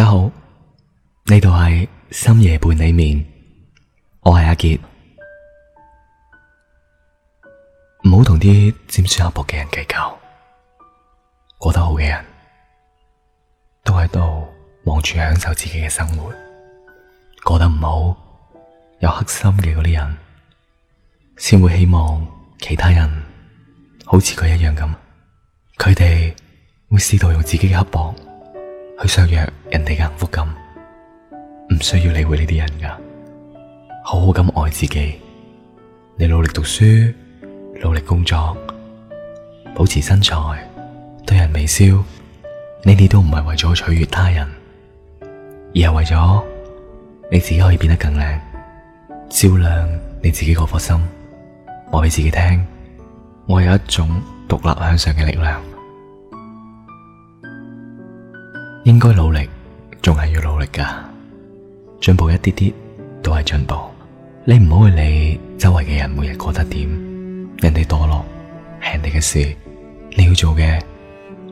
大家好，呢度係深夜伴你眠，我係阿杰。唔好同啲尖酸刻薄嘅人計較，過得好嘅人都喺度忙住享受自己嘅生活，過得唔好有黑心嘅嗰啲人，先會希望其他人好似佢一樣咁，佢哋會試圖用自己嘅刻薄，去削弱人哋嘅幸福感，唔需要理會呢啲人噶。好好咁愛自己，你努力讀書，努力工作，保持身材，對人微笑，呢啲都唔係為咗取悅他人，而係為咗你自己可以變得更靚，照亮你自己嗰顆心，話俾自己聽，我有一種獨立向上嘅力量。應該努力，仲係要努力噶，進步一啲啲都係進步。你唔好去理周圍嘅人，每日過得點，人哋墮落係人哋嘅事。你要做嘅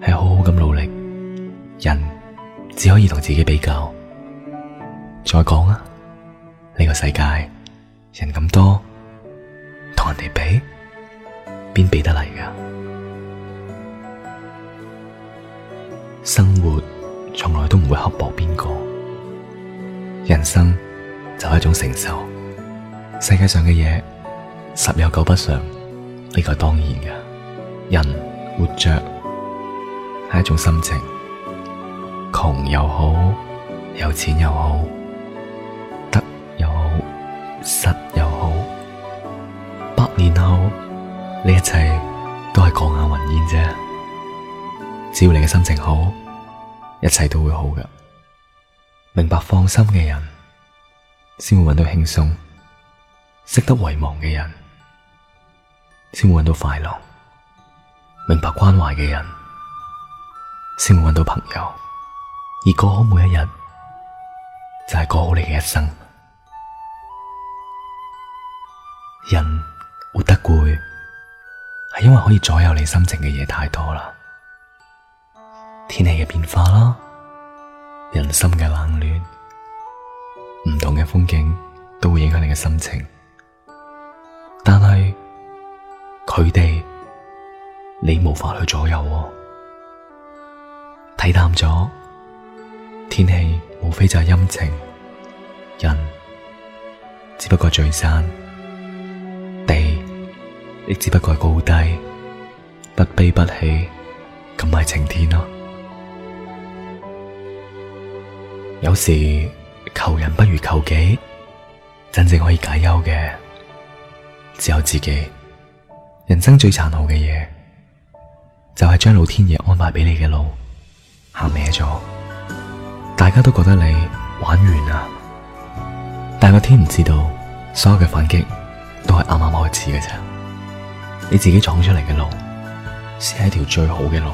係好好咁努力。人只可以同自己比較，再講啊，呢個世界人咁多，同人哋比邊比得嚟噶？生活從來都唔會刻薄邊個，人生就係一種承受。世界上嘅嘢，十有九不常，呢個當然㗎。人活着係一種心情，窮又好，有錢又好，得又好，失又好。百年後呢一切都係過眼雲煙啫，只要你嘅心情好。一切都會好㗎，明白放心嘅人先會揾到輕鬆，識得遺忘嘅人先會揾到快樂，明白關懷嘅人先會揾到朋友，而過好每一日就係過好你嘅一生。人活得攰，係因為可以左右你心情嘅嘢太多啦。天氣嘅變化啦，人心嘅冷暖，唔同嘅風景都會影響你嘅心情。但係佢哋你無法去左右哦、啊。睇淡咗天氣，無非就係陰晴；人只不過聚散，地亦只不過係高低。不悲不喜，咁係晴天咯、啊。有時求人不如求己，真正可以解憂嘅只有自己。人生最殘酷嘅嘢，就係將老天爺安排俾你嘅路行歪咗。大家都覺得你玩完啦，但係個天唔知道，所有嘅反擊都係啱啱開始嘅啫。你自己闖出嚟嘅路，先係一條最好嘅路。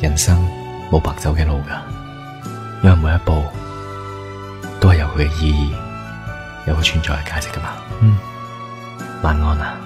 人生冇白走嘅路噶。因為每一步都係有佢嘅意義，有佢存在嘅價值㗎嘛。嗯，晚安啦，啊。